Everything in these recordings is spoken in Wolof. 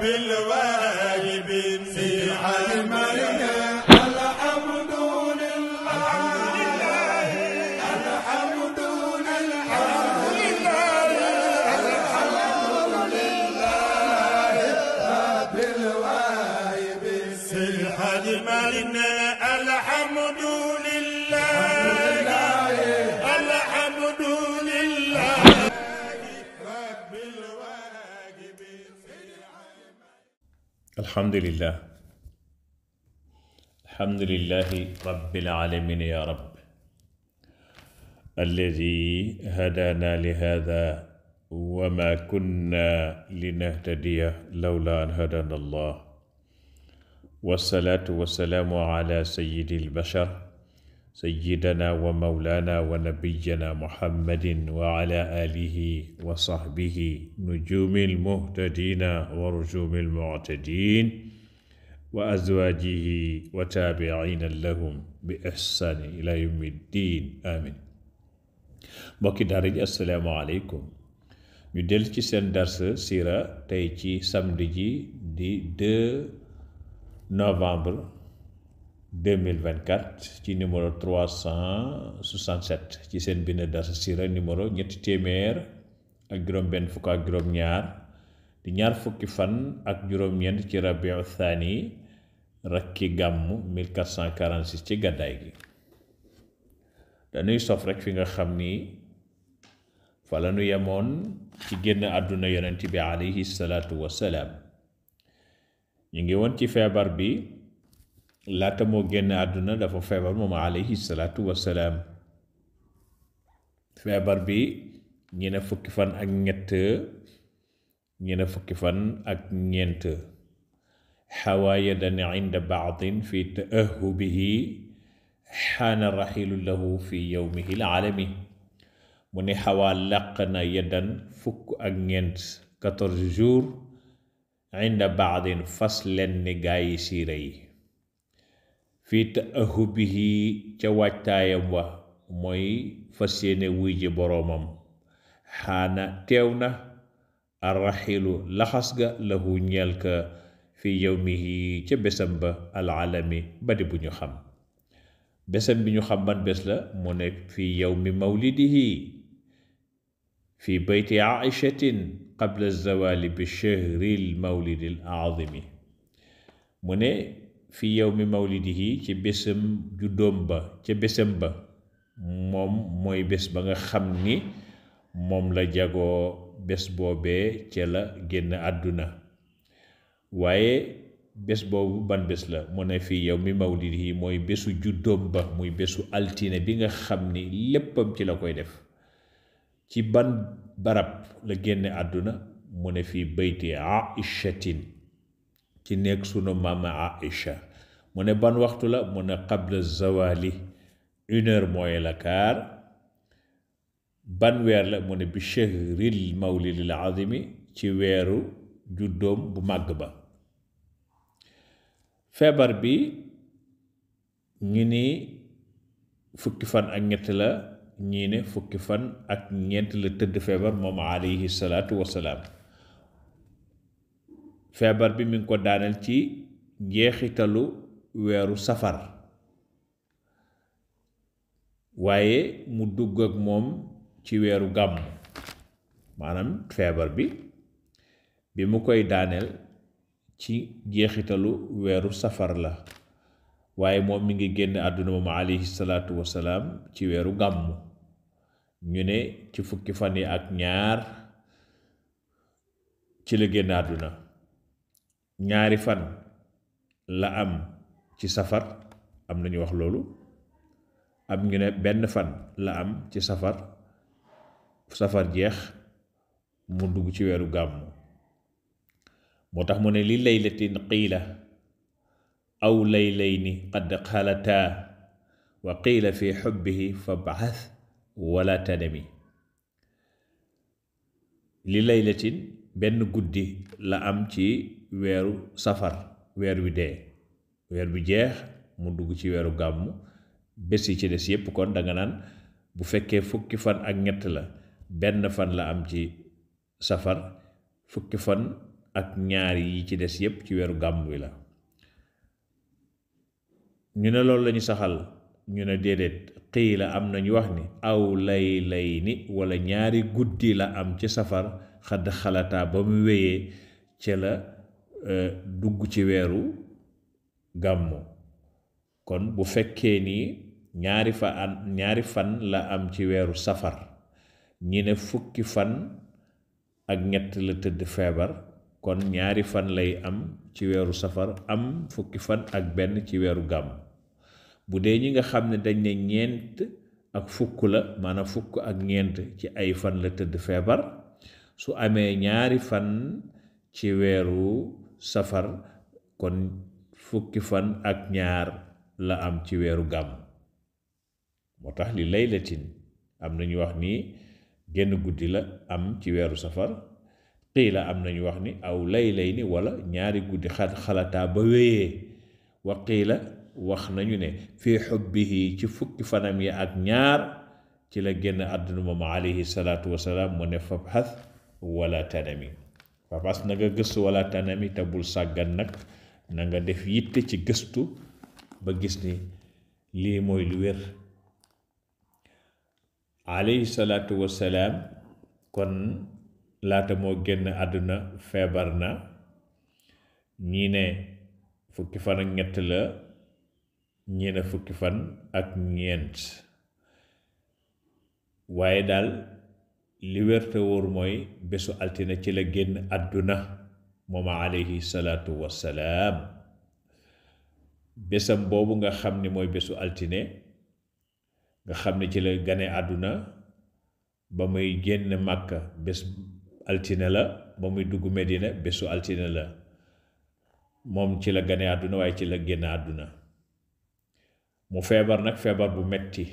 بالوالد alhamdulillah alhamdulillahi rabbil alamin ya rab alladi hadaana li hada wa ma kunna linahtadiya lawla an hadaana allah wasalaatu wasalaamu ala sayyidi albashar sayyidina wa mawlaana wa nabiyyina muhammadin wa ala aalihi wa sahbihi nujuumil muhtadiina wa rujuumil mu'tadiin wa azwaajihi wa taabi'iina lahum bi ihsaanin ilaa yawmi ddiin amiin mbokki daara ji assalaamu aleykum ñu del ci seen dars siira tey ci samedi ji di 2 novembre 2024 ci numéro 367 ci seen bind Darou Siré numéro ñetti téeméer ak juróom-benn fukk ak juróom-ñaar di ñaar fukki fan ak juróom-ñeent ci rabiu thani rakki gàmm 1446 ci gàddaay gi dañuy sof rek fi nga xam ni fa la yemoon ci génn àdduna yonent bi aleyhi salaatu wasalaam ñu ngi woon ci feebar bi laata moo génn àdduna dafa feebar moom alayhi salaatu wasalaam feebar bi ñi ne fukki fan ak ñett ñi ne fukki fan ak ñeent xawaaya dane inda baadin fi taahubihi xaana raxilu lahu fi yowmihi alaalami mu ne xawaa làq na yeddan fukk ak ñeent quatorze jours inda baadin fas leen ni gaayi siire yi fii taahubihi ca waajtaayam wa mooy fas yéene wuy ji boroomam xaana teew na arraxilu laxas ga lahu ñeel ka fi yowmihi ca bésam ba alalami badi bu ñu xam bésam bi ñu xam ban bés la mu ne fi yowmi mawlidihi fi bayti aishatin qabla zawali bi shahril mawlidil azimi mu ne fi yawmi mawlidihi ci bésam juddoom ba ca bésam ba moom mooy bés ba nga xam ni moom la jagoo bés boobee ca la génn àdduna waaye bés boobu ban bés la mu ne fii yawmi mawlidihi mooy bésu juddoom ba muy bésu altine bi nga xam ni léppam ci la koy def ci ban barab la génn àdduna mu ne fii bayti aishatin ci nekk sunu maama aisha mu ne ban waxtu la mu ne qabla zawali une heure mooy la kaar ban weer la mu ne bi chahril mawlidil azimi ci weeru juddoom bu màgg ba feebar bi ñu ni fukki fan ak ñett la ñii ne fukki fan ak ñeent la tëdd feebar moom alayhi salaatu wasalaam feebar bi mi ngi ko daaneel ci jeexitalu weeru safar waaye mu dugg ak moom ci weeru gàmm maanaam feebar bi bi mu koy daaneel ci jeexitalu weeru safar la waaye moom mu ngi génn àdduna moom alayhi salaatu wasalaam ci weeru gàmm ñu ne ci fukki fan yi ak ñaar ci la génn àdduna ñaari fan la am ci safar am na ñu wax loolu am ñu ne benn fan la am ci safar safar jeex mu dugg ci weeru gàmmu moo tax mu ne li laylatin qiila aw laylayni qad xalataa wa qiila fi bi fa baxas wala tanami li laylatin benn guddi la am ci weeru safar weer wi dee weer bi jeex mu dugg ci weeru gàmm bés yi ci des yépp kon da nga naan bu fekkee fukki fan ak ñett la benn fan la am ci safar fukki fan ak ñaar yi ci des yépp ci weeru gàmm wi la ñu ne loolu lañu saxal ñu ne déedéet xii la am nañu wax ni aw lay lay ni wala ñaari guddi la am ci safar xadd xalataa ba mu wéyee ca la euh, dugg ci weeru gàmmu kon bu fekkee ni ñaari fa an ñaari fan la am ci weeru safar ñi ne fukki fan ak ñett la tëdd feebar kon ñaari fan lay am ci weeru safar am fukki fan ak benn ci weeru gàmm bu dee ñi nga xam ne dañ ne ñeent ak fukk la maanaam fukk ak ñeent ci ay fan la tëdd feebar su amee ñaari fan ci weeru safar kon fukki fan ak ñaar la am ci weeru gàmm moo tax li laylatin am nañu wax nii genn guddi la am ci weeru safar xii la am nañu wax ni aw laylay ni wala ñaari guddi xat xalataa ba wéyee wa xii la wax nañu ne fii xubbihi ci fukki fanam yi ak ñaar ci la génn àdduna moom alayhi salaatu wasalaam mu ne fabxas wala tanami fabxas na nga gëstu wala tanami te bul sàggan nag na nga def yitte ci gëstu ba gis ni lii mooy lu wér alayhi salaatu wasalaam kon laata moo génn àdduna feebar na ñii ne fukki fan ak ñett la ñii ne fukki fan ak ñeent waaye daal li wér te wóor mooy bésu altine ci la génn àdduna moom alayhi salaatu wassalaam bésam boobu nga xam ni mooy bésu altine nga xam ni ci la gane àdduna ba muy génn màkk bés altine la ba muy dugg medina bésu altine la moom ci la gane àdduna waaye ci la génn àdduna mu feebar nag feebar bu metti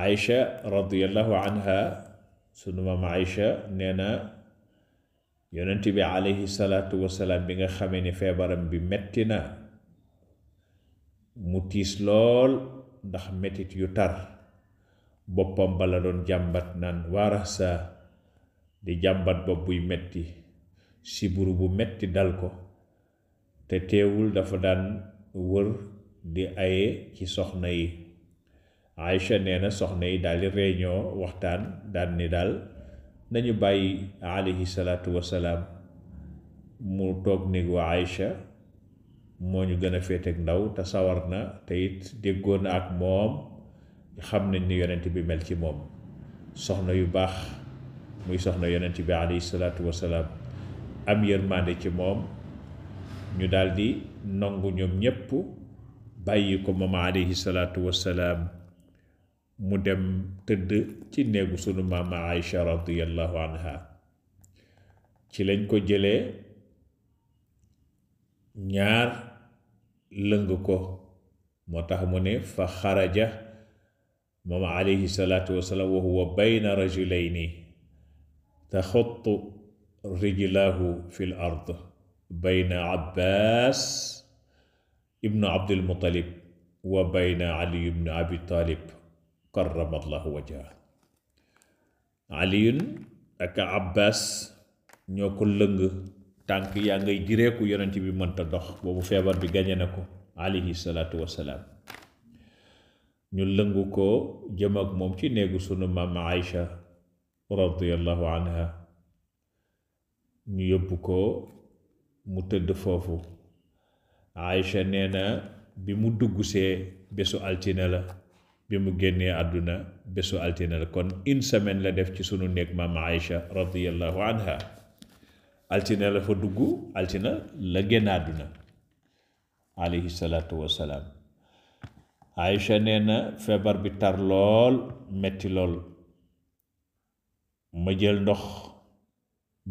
aïcha radiallahu anha sunu maam aïcha nee na yonent bi aleyhi salaatu wasalaam bi nga xamee ni feebaram bi metti na mu tiis lool ndax metit yu tar boppam bala doon jàmbat naan waarasa di jàmbat bopp buy metti siburu bu metti dal ko te teewul dafa daan wër di aye ci soxna yi Aïcha nee soxna yi daldi réunion waxtaan daan ni daal nañu bàyyi alayhi salaatu wasalaam mu toog néegu Aïcha moo ñu gën a féeteeg ndaw te sawar na te it déggoo na ak moom xam nañ ni yonent bi mel ci moom soxna yu baax muy soxna yonent bi alayhi salaatu wasalaam am yërmande ci moom ñu daldi nangu ñoom ñépp bàyyi ko moom alayhi salaatu mu dem tëdd ci néegu sunu maama Aïcha radiyallahu anha ci lañ ko jëlee ñaar lëng ko moo tax mu ne fa xaraja moom alayhi salaatu wasalaam wa huwa bayna rajulayni taxutu rijlahu fi l ard bayna abbas ibnu abdulmutalib wa bayna ali ibnu abi talib karamallahu wajha aliyun ak abbas ñoo ko lëng tànk yaa ngay jireeku ci bi mënta dox boobu feebar bi gañe na ko alayhi salaatu wasalaam ñu lëngu ko jëm ak moom ci néegu sunu maam Aïcha radiyallahu anha ñu yóbbu ko mu tëdd foofu Aïcha nee bi mu duggsee bésu altine la bi mu génnee àdduna bésu altine la kon une semaine la def ci sunu néeg maam Aïcha radiallahu anha altine la fa dugg altine la génn àdduna alayhi salaatu wasalaam Aïcha nee na feebar bi tar lool metti lool ma jël ndox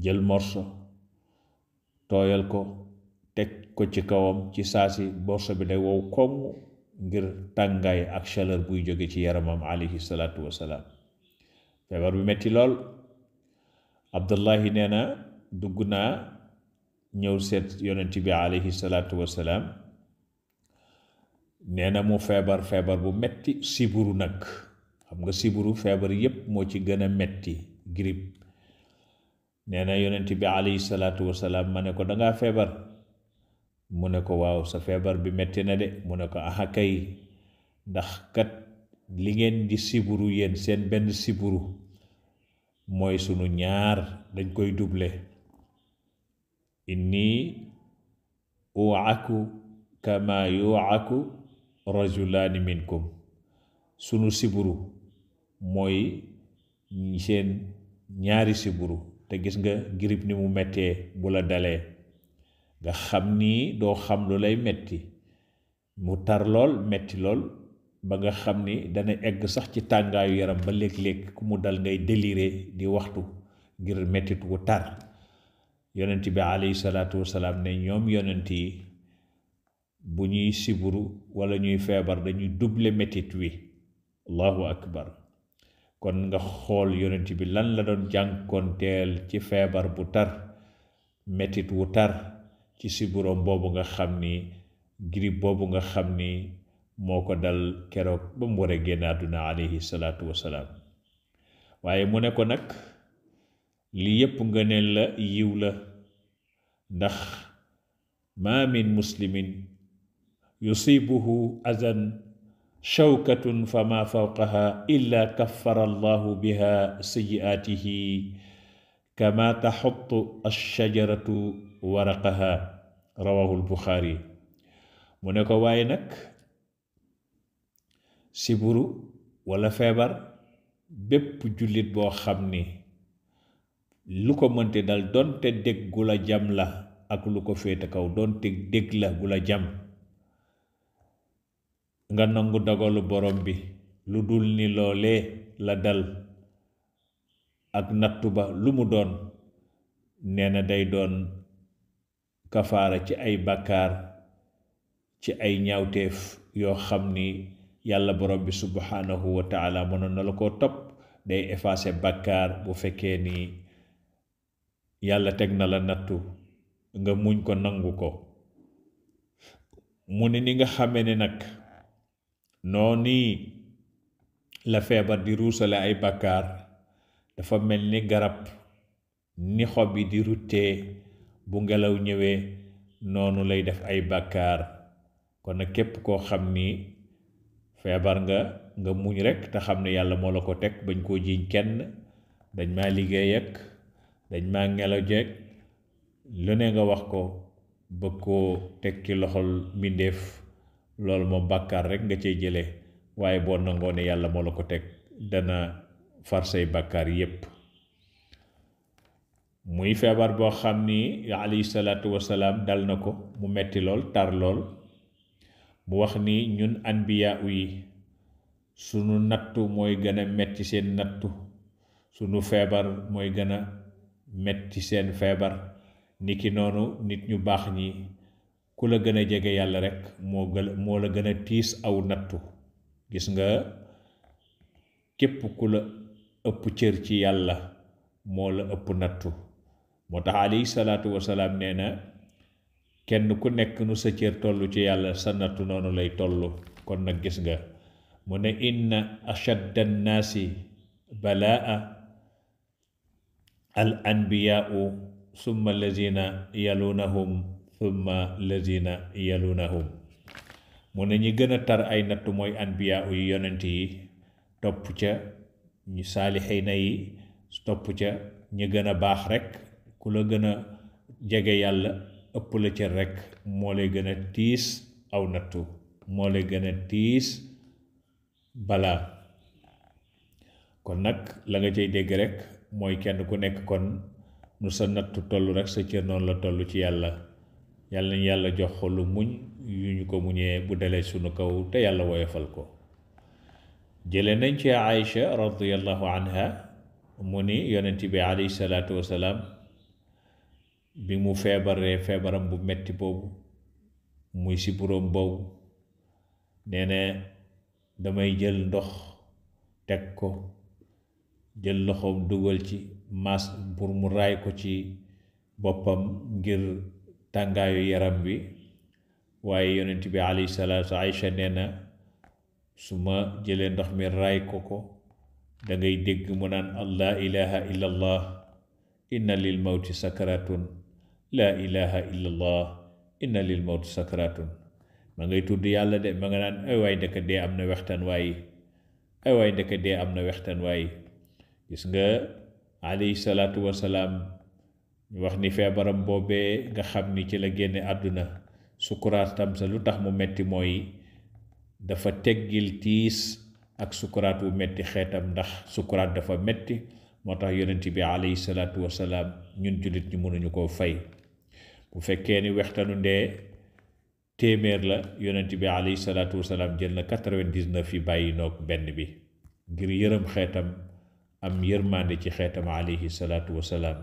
jël morso tooyal ko teg ko ci kawam ci saasi borso bi day wow koŋŋ ngir tàngaay ak chaleur buy jóge ci yaramam alayhi salaatu wasalaam feebar bi metti lool abdullahi nee na dugg naa ñëw seet yonent bi alayhi salaatu wasalaam nee na mu feebar feebar bu metti siburu nag xam nga siburu feebar yépp moo ci gën a metti grippe nee na yonent bi alayhi salaatu wasalaam ma ne ko dangaa feebar mu ne ko waaw sa feebar bi metti na de mu ne ko aha ndax kat li ngeen di siburu yéen seen benn siburu mooy sunu ñaar dañ koy double inni uaku kama yuaku rajulaani minkum sunu siburu mooy seen ñaari siburu te gis nga girib ni mu mettee bu la dalee nga xam ni doo xam lu lay metti mu tar lool metti lool ba nga xam ni dana egg sax ci tàngaayu yaram ba léeg-léeg ku mu dal ngay déliré di waxtu ngir mettit wu tar yonent bi alayhi salaatu wasalaam ne ñoom yonent yi bu ñuy siburu wala ñuy feebar dañuy duble mettit wi allahu akbar kon nga xool yonent bi lan la doon jànkoonteel ci feebar bu tar mettit wu tar ci si buroom boobu nga xam ni grippe boobu nga xam ni moo ko dal keroog ba mu war génn àdduna alayhi salaatu wasalaam waaye mu ne ko nag li yépp nga neen la yiw la ndax maa min muslimin yusibuhu azan shawkatun fa ma fawqaha illa kaffara allahu biha sayi'aatihi kama taxutu alshajaratu waraqaha rawahul yi mu ne ko waaye nag siburu walla feebar bépp jullit boo xam ni lu ko mënti dal doonte dég gu la jam la ak lu ko féete kaw doonte dég la gu la jam nga nangu dogalu borom bi lu dul ni loolee la dal ak nattu ba lu mu doon nee na day doon kafaara ci ay bàkkaar ci ay ñaawteef yoo xam ni yàlla borom bi subhanahu wa na la koo topp day effacer bàkkaar bu fekkee ni yàlla teg na la nattu nga muñ ko nangu ko mu ne ni nga xame ne nag noonu la feebar di ruusale ay bàkkaar dafa mel ni garab ni xob yi di ruttee bu ngelaw ñëwee noonu lay def ay bàkkaar kon na képp koo xam ni feebar nga nga muñ rekk te xam ne yàlla moo la ko teg bañ koo jiiñ kenn dañ maa liggéey dañ maa ngelaw jeeg lu ne nga wax ko bëgg koo teg ci loxol mbindeef loolu moom bàkkaar rek nga cey jële waaye boo nangoo ne yàlla moo la ko teg dana far say bàkkaar yépp muy feebar boo xam ni alayhi salaatu wasalaam dal na ko mu metti lool tar lool mu wax ni ñun anbiya yi sunu nattu mooy gën metti seen nattu sunu feebar mooy gën a metti seen feebar ni ki noonu nit ñu baax ñi ku la gën a jege yàlla rekk moo gën moo la gën a tiis aw nattu gis nga képp ku la ëpp cër ci yàlla moo la ëpp nattu moo tax alayhi salaatu wasalaam nee na kenn ku nekk nu sa cër toll ci yàlla sa nattu noonu lay toll kon nag gis nga mu ne inna ashadda annaasi balaa al anbiyaau summa lazina yalunahum summa lazina yalunahum mu ne ñi gën a tar ay nattu mooy anbiyaau yi yonent yi topp ca ñu saalixiina yi topp ca ñi gën a baax rekk ku la gën a jege yàlla ëpp la ca rekk moo lay gën a tiis aw nattu moo lay gën a tiis balaa kon nag la nga cay dégg rekk mooy kenn ku nekk kon nu sa nattu toll rekk sa cër noonu la toll ci yàlla yàlla nañu yàlla jox xolu muñ yu ñu ko muñee bu dalee sunu kaw te yàlla woyofal ko jële nañ ci Aïcha radiyallahu anha mu ni yonent bi alayhi wasalaam bi mu feebaree feebaram bu metti boobu muy si buróom boobu nee na damay jël ndox teg ko jël loxoom dugal ci maas pour mu raay ko ci boppam ngir tàngaayu yaram wi waaye yonent bi alayhi salaatu Aïcha nee na su ma jëlee ndox mi raay ko ko dangay dégg mu naan allah ilaha illallah inna lil mawti sakaratun laa ilaha illallah inna lil mawt sakaratun ma ngay tudd yàlla de ma nga naan ay waay dee am na wextaan waaye ay waay ndeke dee am na wextaan waaye gis nga alayhi salaatu wasalaam ñu wax ni feebaram boobee nga xam ni ci la génne àdduna sukuraatam sa lu tax mu metti mooy dafa teggil tiis ak sukuraat wu metti xeetam ndax sukuraat dafa metti moo tax yonent bi alayhi salaatu wasalaam ñun jullit ñu mënuñu koo fay bu fekkee ni wextanu ndee téeméer la yonent bi alayhi salaatu wasalaam jël na quatre yi bàyyi noog benn bi ngir yërëm xeetam am yërmande ci xeetam alayhi salaatu wasalaam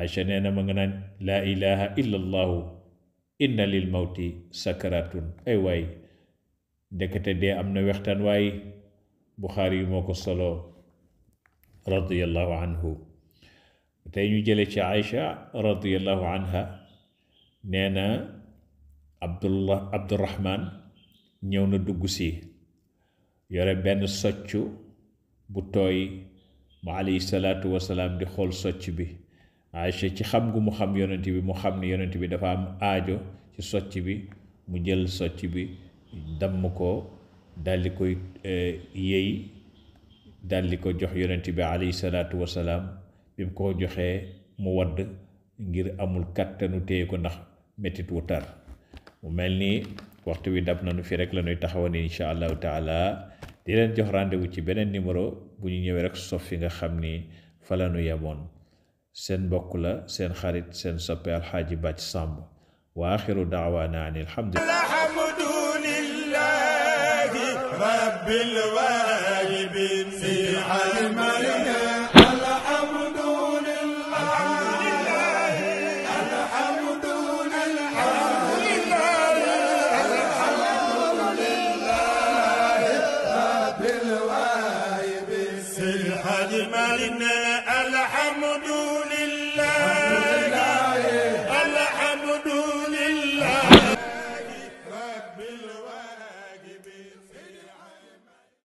Aïcha nee na nga naan laa ilaha illa allahu inna lil mawti sakaratun ay waay ndekete dee am na wextan waay Buxaari yi moo ko solo radiallahu anhu tey ñu jële ci Aïcha radiallahu anha nee na abdullah abdurahman ñëw na dugg si yore benn soccu bu tooy mu alayhi salaatu wasalaam di xool socc bi Aïcha ci xam gu mu xam yonent bi mu xam ne yonent bi dafa am aajo ci socc bi mu jël socc bi damm ko daldi koy eh, yëy daldi ko jox yonent bi alayhi salaatu wasalaam bi mu ko joxee mu wadd ngir amul kàttanu téye ko ndax metit wu tar mu mel ni waxtu wi dab nañu fi rek la ñuy ni incha allahu taala di leen jox rendez ci beneen numéro bu ñu ñëwee rek sof fi nga xam ni fa la yemoon seen mbokk la seen xarit seen soppe alxaaji bàcc sàmb wa axiru daawaana an alhamdulilah rabbil waalibin